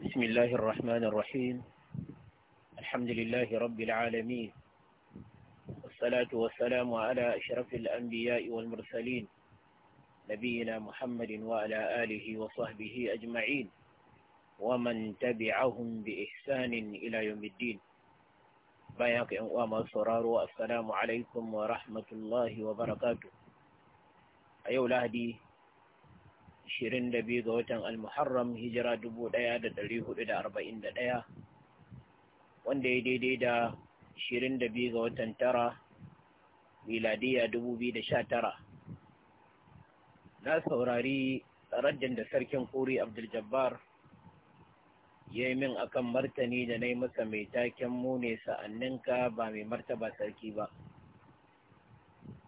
بسم الله الرحمن الرحيم الحمد لله رب العالمين والصلاة والسلام على أشرف الأنبياء والمرسلين نبينا محمد وعلى آله وصحبه أجمعين ومن تبعهم بإحسان إلى يوم الدين بياك أمام الصرار والسلام عليكم ورحمة الله وبركاته أيها الأهدي Ashirin da biyu ga watan hijira dubu da da arba'in da ɗaya, wanda ya daidai da ashirin da biyu ga watan tara miladiya dubu biyu da sha Tara. na saurari rajin da sarkin kuri abdul-jabbar ya yi min akan martani da na yi masa mai taken mune ne sa'anninka ba mai martaba sarki ba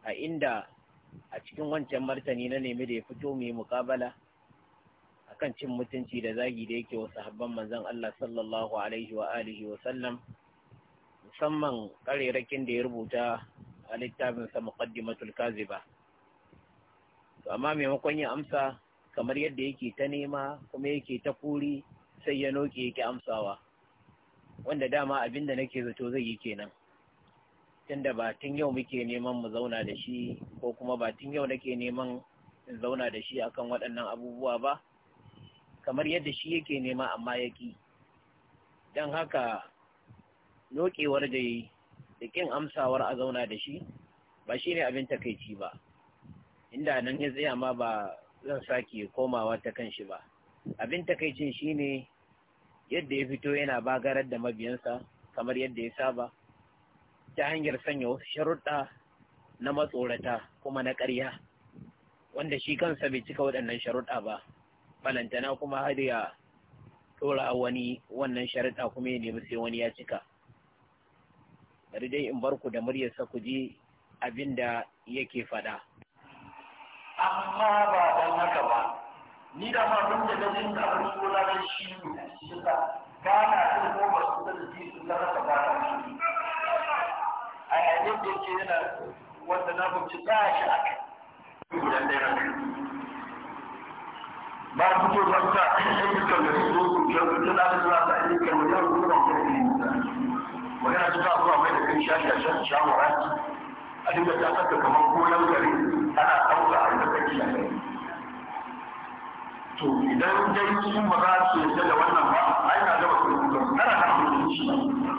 a inda a cikin wancan martani na nemi da ya fito mai mukabala akan cin mutunci da zagi da yake wasu habban manzan Allah sallallahu alaihi wa alihi wa sallam musamman karerakin da ya rubuta a littafin sa muqaddimatul kaziba to amma maimakon ya amsa kamar yadda yake ta nema kuma yake ta kuri sai ya noke yake amsawa wanda dama abinda nake zato zai yi kenan tunda ba tun yau muke neman mu zauna da shi ko kuma ba tun yau nake neman in zauna da shi akan waɗannan abubuwa ba kamar yadda shi yake nema amma ya ki don haka lokewar da yi da ƙin amsawar a zauna da shi ba shi ne abin takaici ba inda nan ya tsaya ma ba zan sake komawa ta kan shi ba abin takaicin shi ne yadda ya fito yana bagarar da mabiyansa kamar yadda ya saba ta hanyar sanya wasu sharuɗa na matsorata kuma na ƙarya wanda shi kansa bai cika waɗannan sharuɗa ba balantana kuma har ya ɗora wani wannan sharuɗa kuma ya nemi sai wani ya cika bari dai in bar ku da muryarsa ku ji abin da yake faɗa amma ba haka ba ni da ma abin da gajin da abin da shi ne shi ko ba su da ji su ta ba ta a yayin da yake yana wanda na bamci ba shi a kai idan dai ranka ba su ce ba ta ayyukan da su zo su kyau ta da zuwa ta ayyukan da yau kuma ba ta yi magana ta ta zuwa mai da kai shashi a shan shawara a dinga ta saka kamar gonan gari ana ɗauka a yadda kai shashi to idan dai su ba za su yarda da wannan ba ai na gaba su kana kan mutunci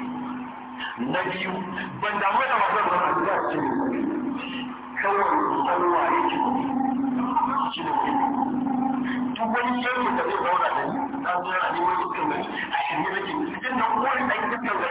na biyu ban damu da wasan ba su za su ce kawai sanwa ya ce shi ne duk wani yanki da zai zauna da ni zo na wani a shirye da wani ɗan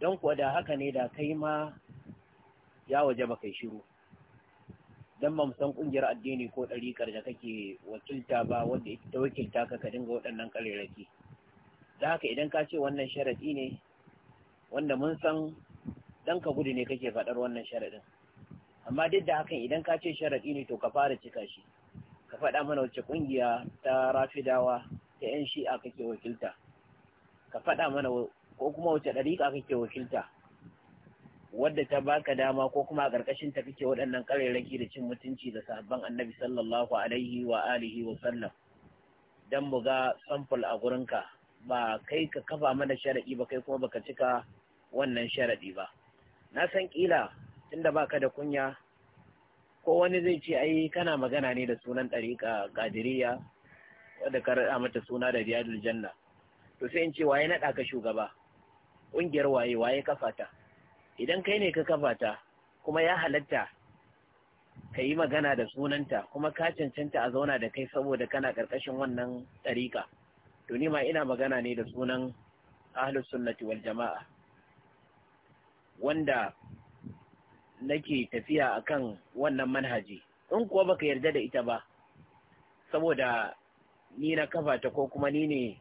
don kuwa da haka ne da kai ma ya waje ba kai shiru don ba san kungiyar addini ko ɗariƙar da kake wakilta ba wanda ta wakilta ka ka dinga waɗannan ƙarerraki da haka idan ka ce wannan sharaɗi ne wanda mun san ɗan ka gudu ne kake faɗar wannan sharaɗin amma duk da hakan idan ka ce sharaɗi ne to ka fara cika shi ka faɗa mana wacce kungiya ta rafidawa ta 'yan shi'a kake wakilta ka faɗa mana ko kuma wace ɗariƙa kake wakilta wadda ta baka dama ko kuma a ƙarƙashin ta kake waɗannan ƙarairaki da cin mutunci da sahabban annabi sallallahu alaihi wa alihi wa sallam dan mu ga sample a gurinka ba kai ka kafa mana sharadi ba kai kuma baka cika wannan sharadi ba na san ƙila tunda baka da kunya ko wani zai ce ai kana magana ne da sunan ɗariƙa ƙadiriya wadda ka raɗa mata suna da riyadul janna to sai in ce waye naɗa ka shugaba ƙungiyar waye waye kafa ta idan kai ne ka kafa ta kuma ya halatta ka yi magana da sunanta kuma ka cancanta a zauna da kai saboda kana ƙarƙashin wannan ɗarika to ni ma ina magana ne da sunan ahlus sunnati wal jama'a wanda nake tafiya akan wannan manhaji in kuwa baka yarda da ita ba saboda ni na kafa ta ko kuma ni ne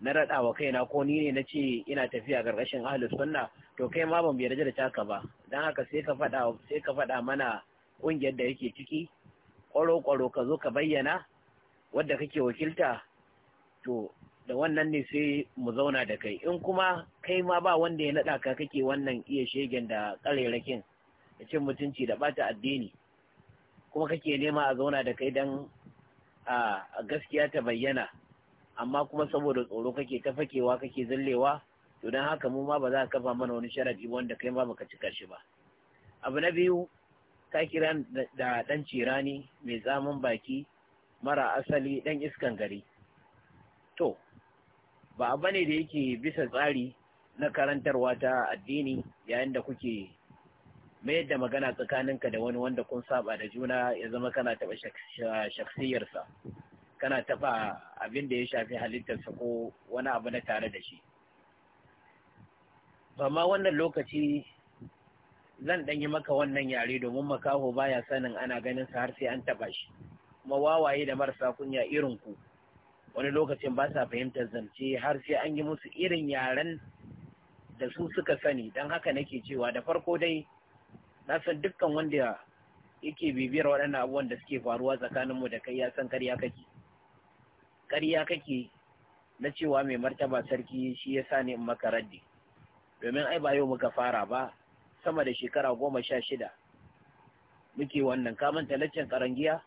na raɗa wa kaina ko ni ne na ce ina tafiya ƙarƙashin ahli sunna to kai ma ban bai da taka ba dan haka sai ka faɗa sai ka faɗa mana ƙungiyar da yake ciki ƙwaro-ƙwaro ka zo ka bayyana wadda kake wakilta to da wannan ne sai mu zauna da kai in kuma kai ma ba wanda ya naɗa ka kake wannan iya shegen da ƙarerakin da cin mutunci da bata addini kuma kake nema a zauna da kai don a gaskiya ta bayyana amma kuma saboda tsoro kake ta fakewa kake zallewa to don haka mu ma ba za ka kafa mana wani sharadi wanda kai ma baka cika shi ba abu na biyu ka kira da dan cirani mai zaman baki mara asali dan iskan gari to ba abu ne da yake bisa tsari na karantarwa ta addini yayin da kuke mayar da magana tsakaninka da wani wanda kun saba da juna ya zama kana taɓa shaksiyarsa kana taɓa abin da ya shafi halittarsa ko wani abu na tare da shi Ba ma wannan lokaci zan ɗanyi maka wannan yare domin makaho baya sanin ana ganin sa har sai an taɓa shi kuma wawaye da marasa kunya irin ku wani lokacin ba sa fahimtar zance har sai an yi musu irin yaren da su suka sani don haka nake cewa da farko dai na san dukkan wanda yake bibiyar waɗannan abubuwan da suke faruwa tsakaninmu da kai ya san karya kake ƙarya kake na cewa mai martaba sarki shi ya sa ne in maka raddi domin ai ba yau muka fara ba sama da shekara goma sha shida muke wannan kamanta laccen karangiya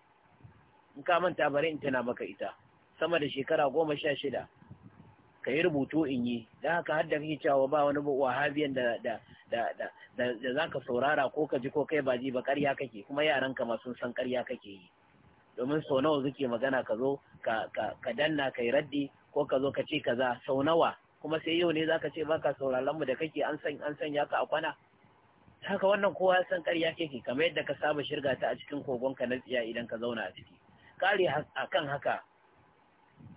in kamanta bari in tana maka ita sama da shekara goma sha shida ka yi rubutu in yi don haka har da kake cewa ba wani wahabiyan da da za ka saurara ko ka ji ko kai ba ji ba ƙarya kake kuma yaranka ma sun san ƙarya kake yi domin sau nawa suke magana ka zo ka danna ka yi raddi ko ka zo ka ce kaza sau nawa kuma sai yau ne zaka ce baka sauraron mu da kake an san an sanya ka a kwana haka wannan kowa ya san ƙarya kake kamar yadda ka saba shirga ta a cikin kogon ka na tsiya idan ka zauna a ciki kare akan haka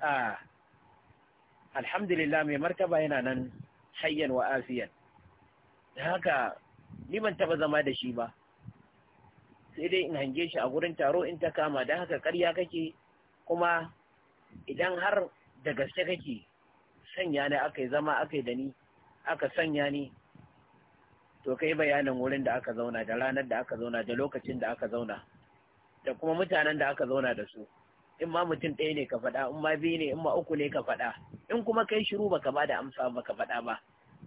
a alhamdulillah mai martaba yana nan hayyan wa afiyan haka ni ban taba zama da shi ba sai dai in hange shi a gurin taro in ta kama da haka karya kake kuma idan har da gaske kake sanya ne aka yi zama aka yi da ni aka sanya ni to kai bayanin wurin da aka zauna da ranar da aka zauna da lokacin da aka zauna da kuma mutanen da aka zauna da su in ma mutum ɗaya ne ka faɗa in ma biyu ne in ma uku ne ka faɗa in kuma kai shiru baka ba da amsa baka faɗa ba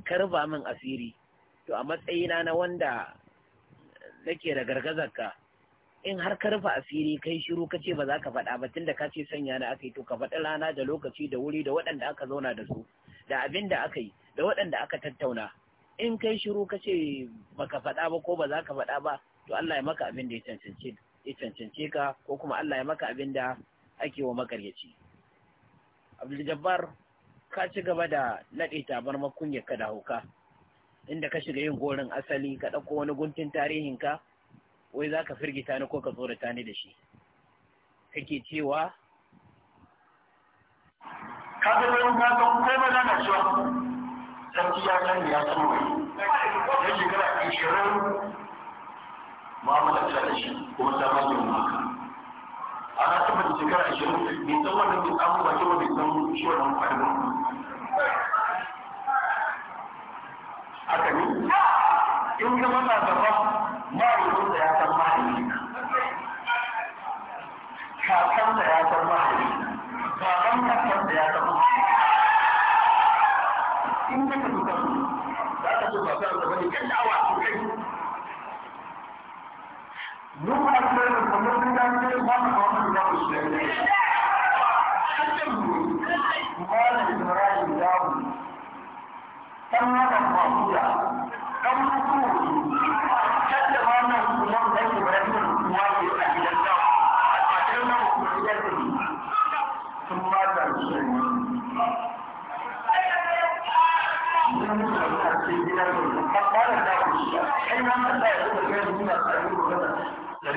Ka ruba min asiri to a matsayina na wanda kake da ka. in har ka rufe asiri kai shiru ka ce ba za ka faɗa ba tunda ka ce sanya na, aka yi to ka faɗi rana da lokaci da wuri da waɗanda aka zauna da su da abin da aka yi da waɗanda aka tattauna in kai shiru ka ce ba ka faɗa ba ko ba za ka faɗa ba to Allah ya maka abin da ya cancance ka ko kuma Allah ya maka abin da ake wa makaryaci Abdul Jabbar ka ci gaba da naɗe tabar makunyar ka da hauka inda ka shiga yin gorin asali ka ɗauko wani guntun tarihinka wai za ka firgita ni ko ka tsorata ni da shi kake cewa ka ga wani na ga komai na cewa sarki ya san ya san mai ya shekara ishirin mu'amala ta da shi kuma ta ba yin maka ana tabbata shekara ishirin bai san wannan bai samu ba kewa bai san shi wannan kwadon sun ga maza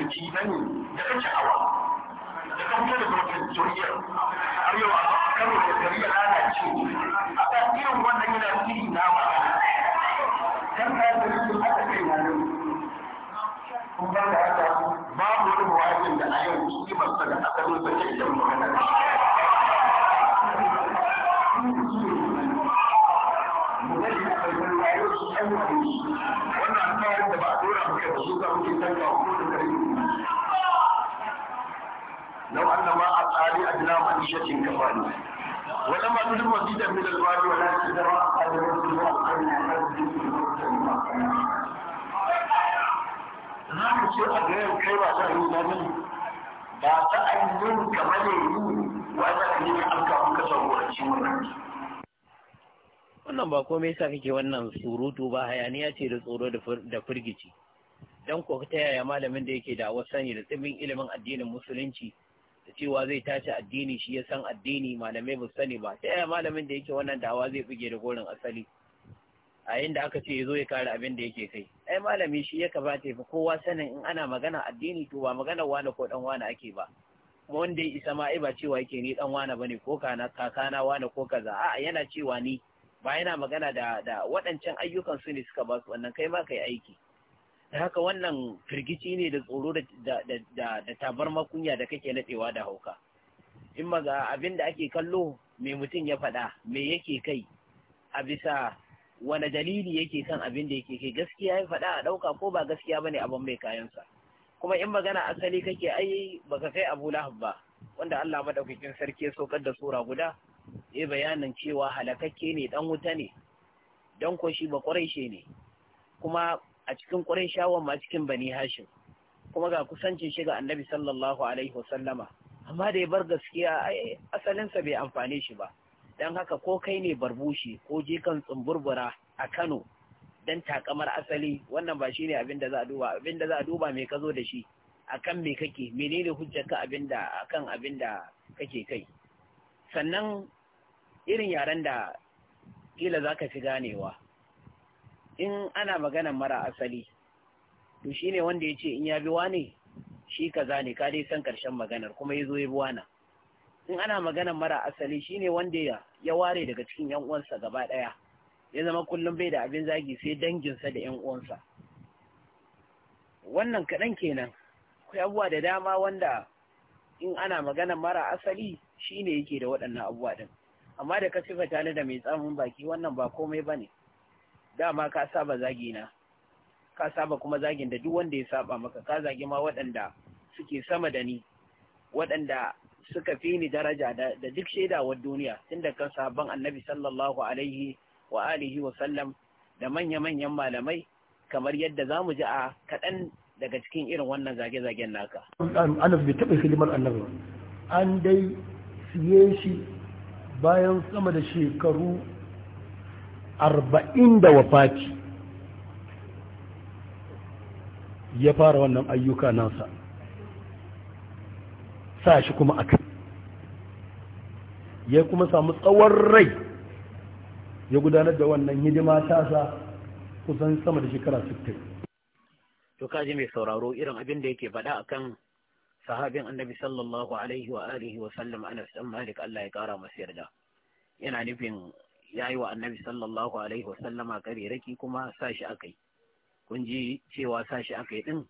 jiki na ne da kake hawa da ka fito da gwamnatin juriyar arewa a karo da gari ya ce a kan irin wannan yana siri na ba kan kayan da rikin aka kai na nan kun ba da haka babu wani mawajin da a yau shi masa da aka zo sake idan magana wannan kawai da ba a dora muke da su za muke tanka wa kuma da kare لو أن ما أفعالي أدنى معيشة كفاني ولما تدر مزيدا من المال ولا تدر أقل رسل وأقل مزيد za ka ce a ga yau kai ba ta yi zami ba ta ainihin kamar yanzu wa za ka yi an kafin ka sauraci wannan wannan ba komai sa kake wannan surutu ba hayaniya ce da tsoro da firgici don ko ta yaya malamin da yake da wasu sani da tsibin ilimin addinin musulunci da cewa zai tashi addini shi ya san addini malamai ba sani ba ta yaya malamin da yake wannan dawa zai buge da gorin asali a da aka ce ya zo ya kare abin da yake kai ai malami shi ya kamata ya fi kowa sanin in ana magana addini to ba magana wani ko dan wani ake ba kuma wanda ya isa ma ai ba cewa yake ni dan wani bane ko kana kakana wani ko kaza a'a yana cewa ni ba yana magana da da waɗancan ayyukan su ne suka ba su wannan kai ma kai aiki da haka wannan firgici ne da tsoro da tabarma kunya da kake nadewa da hauka in maga abin da ake kallo mai mutum ya faɗa me yake kai a bisa wani dalili yake kan abin da yake kai gaskiya ya faɗa a ɗauka ko ba gaskiya ba ne abin mai kayansa kuma in magana asali kake ai baka kai Abu Lahab ba wanda Allah madaukakin sarki ya saukar da sura guda ya bayanin cewa halakakke ne dan wuta ne dan ko shi ba ne kuma a cikin shawon ma cikin bani hashim kuma ga kusancin shi ga annabi sallallahu alaihi wasallama amma da ya bar gaskiya asalinsa bai amfane shi ba don haka ko kai ne barbushi ko jikan tsumburbura a kano don takamar asali wannan ba shi ne abin da za a duba abin da za a duba mai ka zo da shi akan me kake menene hujjarka abin da kan abin da kake kai sannan irin yaren da kila za ka fi ganewa in ana magana mara asali to shine wanda ya ce in ya bi ne, shi kaza ne ka dai san karshen maganar kuma ya zo ya bi wana in ana magana mara asali shine wanda ya ware daga cikin yan uwansa gaba ɗaya, ya zama kullum bai da abin zagi sai danginsa da yan uwansa wannan kaɗan kenan akwai abubuwa da dama wanda in ana magana mara asali shi ne yake da waɗannan abubuwa din amma da ka sifata ni da mai tsamin baki wannan ba komai bane dama ka saba zagi na ka saba kuma zagin da duk wanda ya saba maka ka zagi ma waɗanda suke sama da ni waɗanda suka fi ni daraja da duk shaidawar duniya Tunda da kan sabon annabi sallallahu alaihi wa alihi wa sallam da manya-manyan malamai kamar yadda za mu ji a kaɗan daga cikin irin wannan zage-zagen naka. Anas bai taɓa annabi an dai siye shi bayan sama da shekaru arba'in da wafati ya fara wannan ayyuka nasa sa shi kuma a ya kuma samu tsawon rai ya gudanar da wannan hidima sa kusan sama da shekara 60 to kaji mai sauraro irin abin da yake faɗa akan sahabin annabi sallallahu alaihi wa alihi wa sallam Anas dan Malik Allah ya kara masa yarda yana nufin ya yi wa annabi sallallahu alaihi wasallama raki kuma sashi aka yi kun ji cewa sashi aka din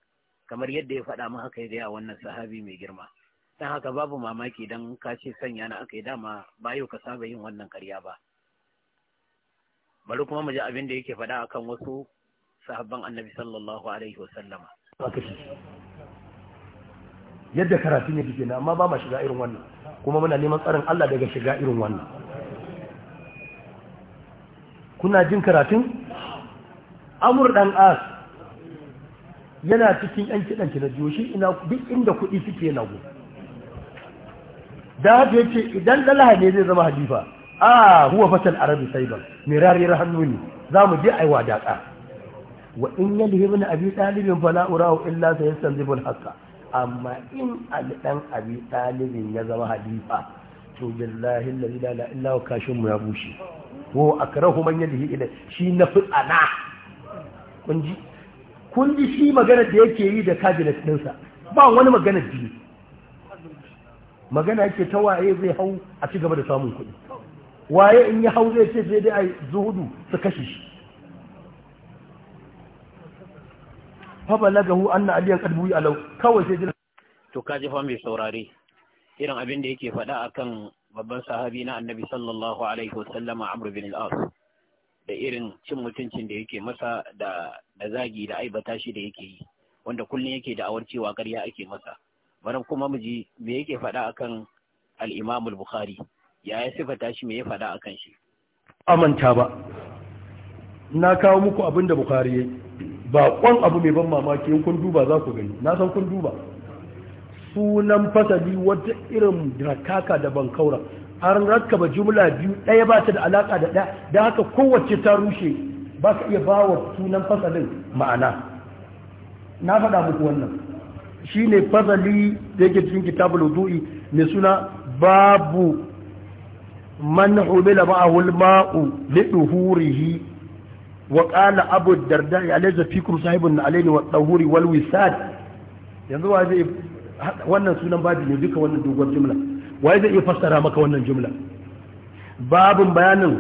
kamar yadda ya faɗa min haka ya wannan sahabi mai girma dan haka babu mamaki dan ka ce sanya na aka dama ba yau ka saba yin wannan karya ba bari kuma mu ji abin da yake faɗa akan wasu sahabban annabi sallallahu alaihi wasallama yadda karatun yake na amma ba ma shiga irin wannan kuma muna neman tsarin Allah daga shiga irin wannan kuna jin karatun amur dan as yana cikin yan kiɗan na joshi ina duk inda kuɗi suke nago da haka yake idan dalaha ne zai zama halifa a huwa fatal arabi saiban mai rariyar hannu ne za mu je a yi daƙa wa in yalhi min abi ɗalibin fala urawa illa sayastanzibul haka, amma in ali abi ɗalibin ya zama halifa to billahi allazi la ilaha illa huwa kashin mu ya bushe wa akrahu man yadihi ila shi na fitsana kun ji kun ji shi magana da yake yi da din sa ba wani magana biyu magana yake ta waye zai hau a ci gaba da samun kuɗi waye in ya hau zai ce sai dai ai zuhudu su kashe shi fa balagahu anna aliyan qad buyi alau kawai sai to kaji fa mai saurare irin abin da yake faɗa akan babban sahabi na annabi sallallahu alaihi wasallama amr bin al-as da irin cin mutuncin da yake masa da da zagi da aibata shi da yake yi wanda kullum yake da awar cewa ƙarya ake masa baran kuma miji ji me yake faɗa akan al-imam al-bukhari ya ya sifata shi me ya faɗa akan shi amanta ba na kawo muku abin da bukhari yayi ba kwan abu mai ban mamaki kun duba za ku gani na san kun duba sunan fasali wata irin rakaka da bankaura an rakaba jumla biyu ɗaya ba ta da alaƙa da ɗaya da haka kowace ta rushe ba ka iya ba wa sunan fasalin ma'ana na faɗa muku wannan shi ne fasali da yake cikin mai suna babu man humila ma'ahu al-ma'u li duhurihi wa qala abu darda alaysa fikum sahibun alayni wa dahuri wal wisad yanzu wa zai wannan sunan babi ne duka wannan dogon jumla wai zai iya fassara maka wannan jumla babin bayanin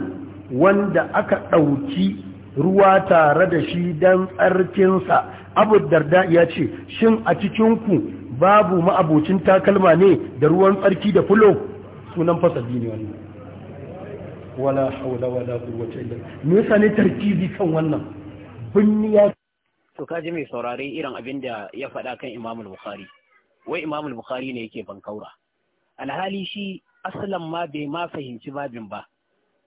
wanda aka ɗauki ruwa tare da shi don tsarkinsa abu darda ya ce shin a cikinku babu ma'abocin takalma ne da ruwan tsarki da fulo sunan fasadi ne wannan wala haula wala quwwata illa me yasa ne tarkizi kan wannan binniya to kaji mai saurare irin abin da ya faɗa kan Imam Bukhari wai imamul bukhari ne yake kaura alhali shi asalan ma bai ma fahimci babin ba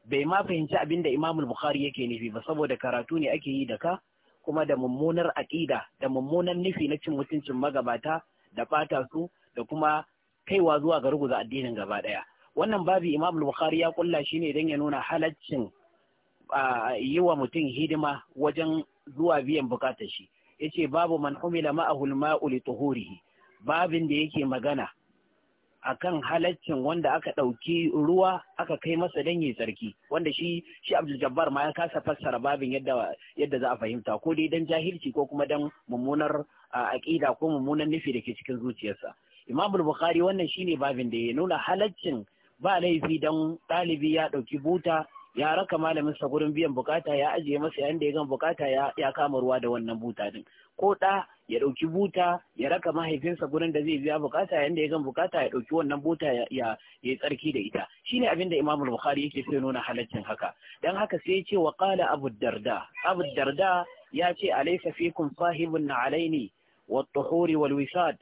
bai ma fahimci abin da imamul bukhari yake nufi ba saboda karatu ne ake yi da ka kuma da mummunar aƙida da mummunar nufi na cin mutuncin magabata da fata su da kuma kaiwa zuwa ga ruguza addinin gaba ɗaya wannan babi imam bukhari ya kulla shi ne don ya nuna halaccin yi wa mutum hidima wajen zuwa biyan bukatar shi yace babu man umila ma'ahul mau li tuhurihi babin da yake magana akan halaccin wanda aka ɗauki ruwa aka kai masa don yi tsarki wanda shi shi Abdul Jabbar ma ya kasa fassara babin yadda yadda za a fahimta ko dai dan jahilci ko kuma dan mummunar aƙida ko mummunan nufi da ke cikin zuciyarsa Imam Bukhari wannan shine babin da ya nuna halaccin ba laifi dan ɗalibi ya ɗauki buta ya raka malamin sa gurin biyan bukata ya ajiye masa yayin da ya gan bukata ya kama ruwa da wannan buta din ko da ya ɗauki buta ya raka mahaifinsa gurin da zai biya bukata yanda ya gan bukata ya ɗauki wannan buta ya ya tsarki da ita shine abin da Imam Bukhari yake so nuna halaccin haka dan haka sai ya ce wa qala Abu Darda Abu Darda ya ce alaysa fikum sahibun alaini wa tuhur wal-wisad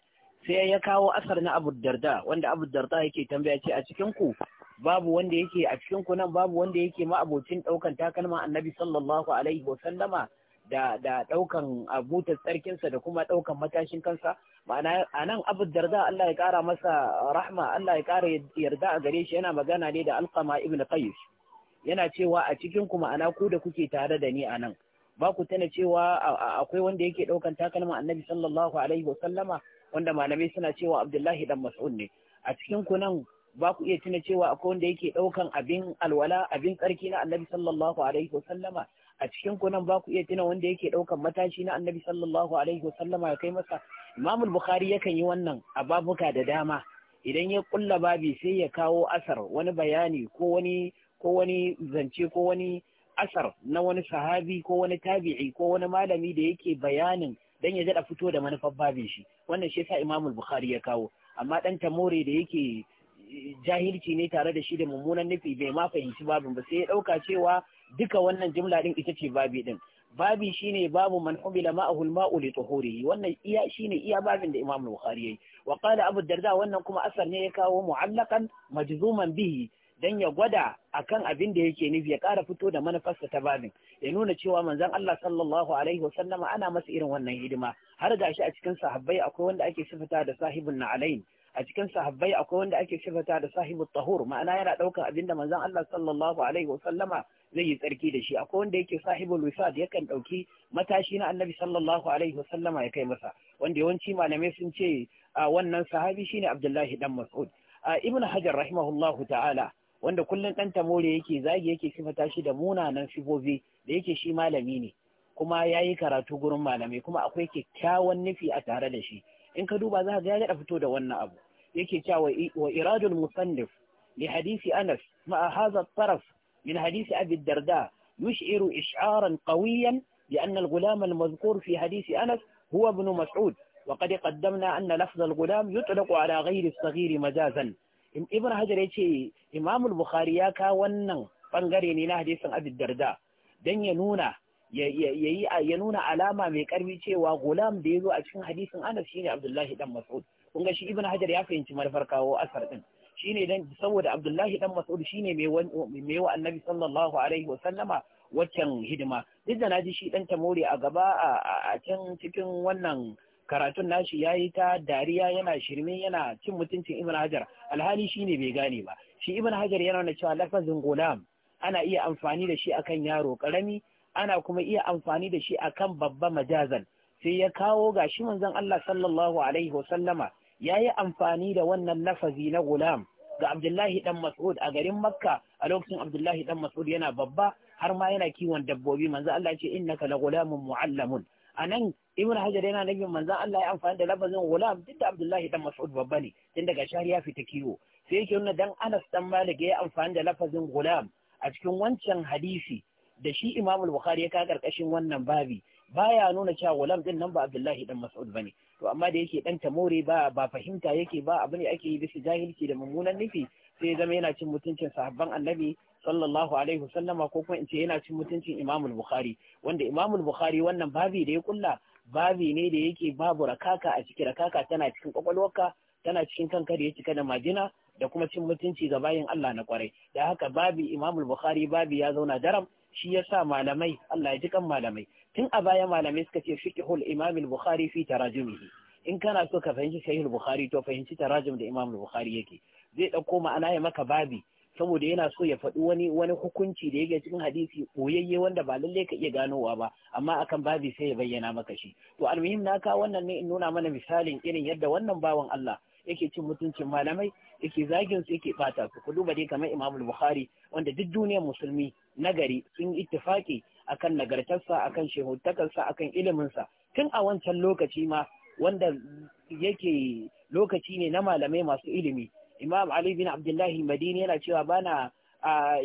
sai ya kawo asar na Abu Darda wanda Abu Darda yake tambaya ce a cikin ku babu wanda yake a cikin ku nan babu wanda yake ma abocin daukan takalma Annabi sallallahu alaihi wa sallama da da daukan abutar tsarkinsa da kuma daukan matashin kansa ma'ana anan Abu Darda Allah ya kara masa rahma Allah ya kara yarda a gare shi yana magana ne da Alqama ibn Qayyim yana cewa a cikin ku ma'ana ku da kuke tare da ni anan ba ku tana cewa akwai wanda yake daukan takalma Annabi sallallahu alaihi wa sallama wanda malamai suna cewa Abdullahi dan Mas'ud ne a cikin ku nan ba ku iya tana cewa akwai wanda yake daukan abin alwala abin tsarki na Annabi sallallahu alaihi wa sallama a cikin ku nan ba ku iya tuna wanda yake ɗaukan matashi na annabi sallallahu alaihi wasallama ya kai masa imamul bukhari yakan yi wannan a babuka da dama idan ya kulla babi sai ya kawo asar wani bayani ko wani ko wani zance ko wani asar na wani sahabi ko wani tabi'i ko wani malami da yake bayanin dan ya jada fito da manufar babin shi wannan shi yasa imamul bukhari ya kawo amma dan tamore da yake jahilci ne tare da shi da mummunan nufi bai ma fahimci babin ba sai ya ɗauka cewa duka wannan jumla din ita ce babi din. Babi shine babu man umila ma'ahul ma'u li tuhurihi wannan iya shine iya babin da Imam Bukhari yayi. Wa qala Abu Darda wannan kuma asar ne ya kawo mu'allaqan majzuman bihi dan ya gwada akan abin da yake nufi ya kara fito da manufarsa ta babin ya nuna cewa manzon Allah sallallahu alaihi wasallama ana masa irin wannan hidima har gashi a cikin sahabbai akwai wanda ake sifata da sahibun na'alain a cikin sahabbai akwai wanda ake sifata da sahibu tahur ma'ana yana ɗaukar abin da manzon Allah sallallahu alaihi wa sallama zai yi tsarki da shi akwai wanda yake sahibu wisad yakan ɗauki matashi na annabi sallallahu alaihi wa sallama ya kai masa wanda yawanci malamai sun ce wannan sahabi shine Abdullahi dan Mas'ud Ibn Hajar rahimahullahu ta'ala wanda kullum ɗan tamore yake zagi yake sifata shi da munanan sifofi da yake shi malami ne kuma ya yi karatu gurin malamai kuma akwai kyakkyawan nufi a tare da shi in ka duba za ka ga ya fito da wannan abu yake cewa wa iradul musannif li hadisi anas ma hadha taraf min hadisi abi darda yushiru ish'aran qawiyan bi anna al-ghulam al-madhkur fi hadisi anas huwa ibn mas'ud وقد قدمنا أن لفظ الغلام يطلق على غير الصغير مجازا ibn hajar ya ce imamul bukhari ya kawo wannan bangare ne na hadisin abid darda don ya nuna ya nuna alama mai karfi cewa gulam da ya zo a cikin hadisin anas shine abdullahi dan mas'ud kun ga shi ibn hajar ya fahimci manufar kawo asar din shine dan saboda abdullahi dan mas'ud shine mai mai wa annabi sallallahu alaihi wa sallama waccan hidima duk da naji shi dan tamori a gaba a can cikin wannan karatun nashi ya yi ta dariya yana shirme yana cin mutuncin ibn hajar alhali shi ne bai gane ba shi ibn hajar yana nuna cewa lafazin gulam ana iya amfani da shi akan yaro karami ana kuma iya amfani da shi akan babba majazan sai ya kawo gashi manzon Allah sallallahu alaihi wasallama yayi amfani da wannan lafazi na gulam ga Abdullahi dan Mas'ud a garin Makka a lokacin Abdullahi dan Mas'ud yana babba har ma yana kiwon dabbobi manzon Allah ya ce innaka la gulamun muallamun anan Ibn Hajar yana nabin manzon Allah ya amfani da lafazin gulam duk da Abdullahi dan Mas'ud babba ne tun daga ya fita kiwo sai yake nuna dan Anas dan Malik ya amfani da lafazin gulam a cikin wancan hadisi da shi Imam Bukhari ya ka karkashin wannan babi baya nuna cewa walam din nan ba Abdullahi dan Mas'ud bane to amma da yake dan tamore ba ba fahimta yake ba abin da ake yi bisa jahilci da mummunan nufi sai ya zama yana cin mutuncin sahabban Annabi sallallahu alaihi wasallama ko kuma in ce yana cin mutuncin Imam Bukhari wanda Imam Bukhari wannan babi da ya kulla babi ne da yake babu rakaka a cikin rakaka tana cikin kwakwalwarka tana cikin kanka da ya cika da majina da kuma cin mutunci ga bayin Allah na kwarai da haka babi Imam Bukhari babi ya zauna daram shi yasa malamai Allah ya ji kan malamai tun a baya malamai suka ce fiqhul hol imamul bukhari fi tarajumihi in kana so ka fahimci sahih bukhari to fahimci tarajum da imam bukhari yake zai ɗauko ma'ana ya maka babi saboda yana so ya faɗi wani wani hukunci da yake cikin hadisi boyayye wanda ba lallai ka iya ganowa ba amma akan babi sai ya bayyana maka shi to almuhim na ka wannan ne in nuna mana misalin irin yadda wannan bawan Allah yake cin mutuncin malamai yake zagin su yake bata su ku duba dai kamar imamul Bukhari wanda duk duniyar musulmi nagari sun ittifaki akan nagartarsa akan shehutakarsa akan iliminsa tun a wancan lokaci ma wanda yake lokaci ne na malamai masu ilimi imam ali bin abdullahi madini yana cewa bana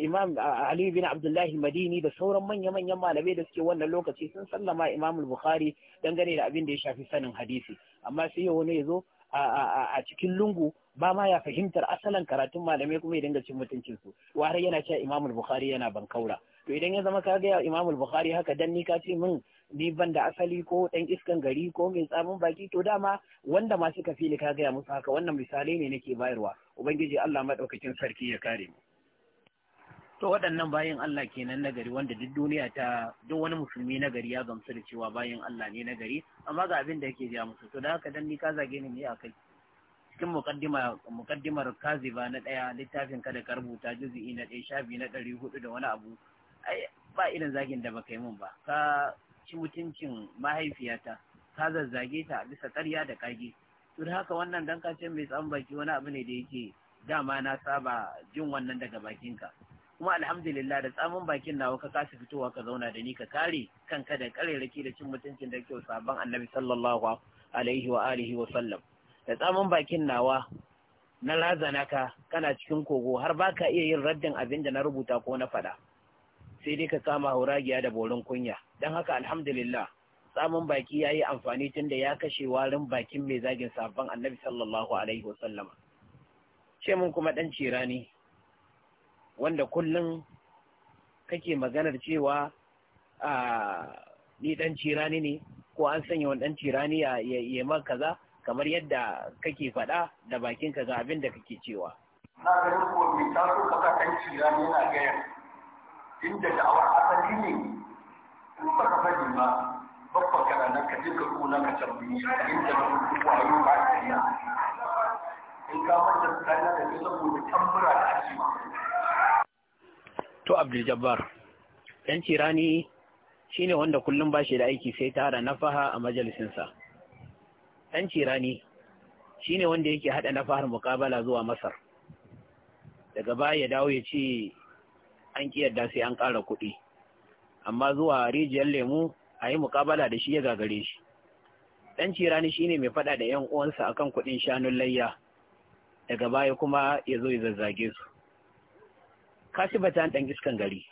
imam ali bin abdullahi madini da sauran manya-manyan malamai da suke wannan lokaci sun sallama imam bukhari dangane da abin da ya shafi sanin hadisi amma sai wani ya zo a cikin lungu ba ma ya fahimtar asalin karatun malamai kuma ya dinga cin mutuncin su har yana cewa imamul Bukhari yana bankaura to idan ya zama ka ga imamul Bukhari haka dan ni ka ce min ni ban da asali ko dan iskan gari ko mai tsamin baki to dama wanda ma suka fili ka ga musu haka wannan misalai ne nake bayarwa ubangiji Allah madaukakin sarki ya kare mu to waɗannan bayan Allah kenan nagari wanda duk duniya ta duk wani musulmi nagari ya gamsu da cewa bayan Allah ne nagari amma ga abin da yake ja musu to da haka dan ni ka zage ni ne kai. cikin mukaddimar mukaddimar kaziba na ɗaya, littafin kada ka rubuta juzi'i na ɗaya shafi na ɗari hudu da wani abu ai ba irin zagin da baka yi min ba ka ci mutuncin mahaifiyata ka zazzage ta bisa karya da ƙage to haka wannan dan ka ce mai tsawon baki wani abu ne da yake dama na saba jin wannan daga bakinka kuma alhamdulillah da tsamin bakin nawa ka kasa fitowa ka zauna da ni ka kare kanka da karerake da cin mutuncin da kyau sabon annabi sallallahu alaihi wa alihi wa sallam da tsamin bakin nawa na razana ka kana cikin kogo har ba ka iya yin raddin abin da na rubuta ko na faɗa sai dai ka kama hauragiya da borin kunya don haka alhamdulillah tsamin baki ya yi amfani tun da ya kashe warin bakin mai zagin sabon annabi sallallahu alaihi wasallama ce mun kuma ɗan cirani wanda kullum kake maganar cewa a ah, ni ɗan cirani ne ko an sanya wani ɗan cirani ya yi maka kaza kamar yadda kake faɗa da bakinka ga abin da kake cewa na ganin ko mai taso cira ne yana gaya inda da awar asali ne in baka faɗi ma babban kana na ka je ka kuna ka tambayi inda na mutu wayo ba ta yi in ka manta tsakanin da ke saboda tambura da ake ma to abdul jabbar yan ne shine wanda kullum ba shi da aiki sai tara nafaha a majalisinsa ɗan cirani shi ne wanda yake haɗa na fahar mukabala zuwa masar daga baya ya dawo ya ce an ƙiyarda sai an ƙara kuɗi amma zuwa rijiyar lemu a yi mukabala da shi ya gagare shi ɗan cirani shi ne mai faɗa da ‘yan uwansa a kan kuɗin shanun layya daga baya kuma ya zo ya zazzage su kasibatan ɗan iskan gari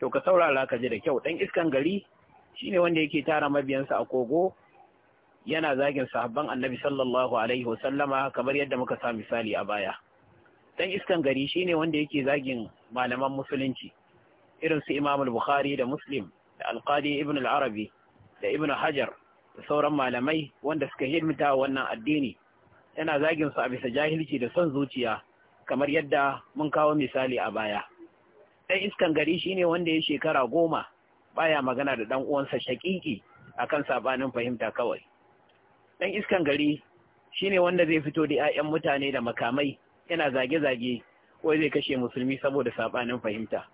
to ka saurara ka da kyau ɗan iskan gari shine wanda yake tara mabiyansa a kogo yana zagin sahabban annabi sallallahu alaihi wasallama kamar yadda muka sa misali a baya dan iskan gari shine wanda yake zagin malaman musulunci irin su Imam bukhari da Muslim da al Ibn al-Arabi da Ibn Hajar da sauran malamai wanda suka hidimta wannan addini yana zagin su a bisa jahilci da son zuciya kamar yadda mun kawo misali a baya dan iskan gari shine wanda ya shekara goma baya magana da dan uwansa shakiki akan sabanin fahimta kawai ɗan iskan gari shi ne wanda zai fito da 'ya'yan mutane da makamai yana zage-zage ko zai kashe musulmi saboda saɓanin fahimta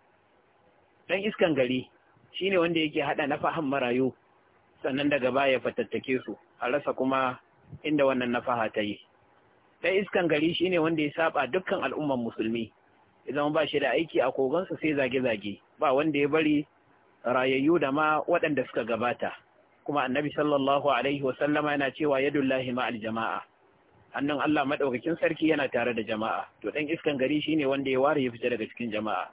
ɗan iskan gari shi ne wanda yake haɗa na fahim marayu sannan daga baya fatattake su a rasa kuma inda wannan na faha ta yi ɗan iskan gari shi ne wanda ya saɓa dukkan al'umman musulmi idan ba shi da aiki a sai zage-zage ba wanda ya bari rayayyu da ma waɗanda suka gabata kuma annabi sallallahu alaihi wasallama yana cewa yadullahi ma'al jama'a hannun Allah madaukakin sarki yana tare da jama'a to ɗan iskan gari shine wanda ya ware ya fita daga cikin jama'a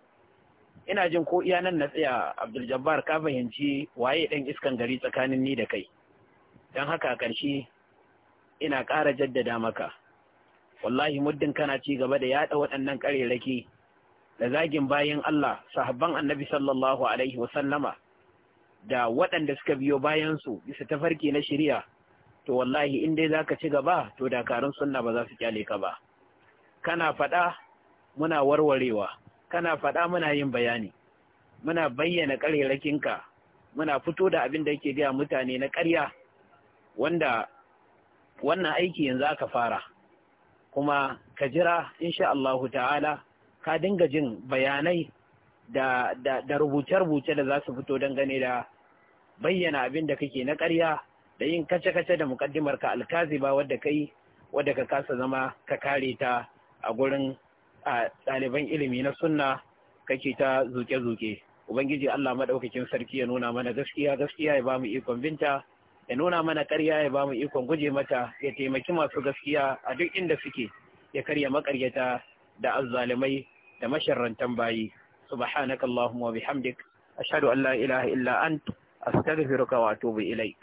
ina jin ko iya nan na tsaya Abdul Jabbar ka fahimci waye ɗan iskan gari tsakanin ni da kai dan haka karshe ina ƙara jaddada maka wallahi muddin kana ci gaba da yada waɗannan ƙarerake da zagin bayan Allah sahabban annabi sallallahu alaihi wasallama da waɗanda suka biyo bayansu bisa tafarki na shirya, to wallahi in dai zaka ci gaba to dakarun sunna ba za su kyale ka ba kana faɗa muna warwarewa kana faɗa muna yin bayani muna bayyana ƙarerakinka muna fito da abin da yake gaya mutane na ƙarya wanda wannan aiki yanzu aka fara kuma ka jira insha Allahu ta'ala ka dinga jin bayanai da da rubuce-rubuce da za su fito dangane da bayyana abin da kake na ƙarya da yin kace-kace da mukaddimar ka alkaziba wadda kai wadda ka kasa zama ka kare ta a gurin a ɗaliban ilimi na sunna kake ta zuke-zuke ubangiji Allah madaukakin sarki ya nuna mana gaskiya gaskiya ya bamu ikon binta ya nuna mana ƙarya ya bamu ikon guje mata ya taimaki masu gaskiya a duk inda suke ya karya makaryata da azzalimai da masharrantan bayi subhanakallahumma wa bihamdik ashhadu an la ilaha illa ant astaghfiruka wa atubu ilaik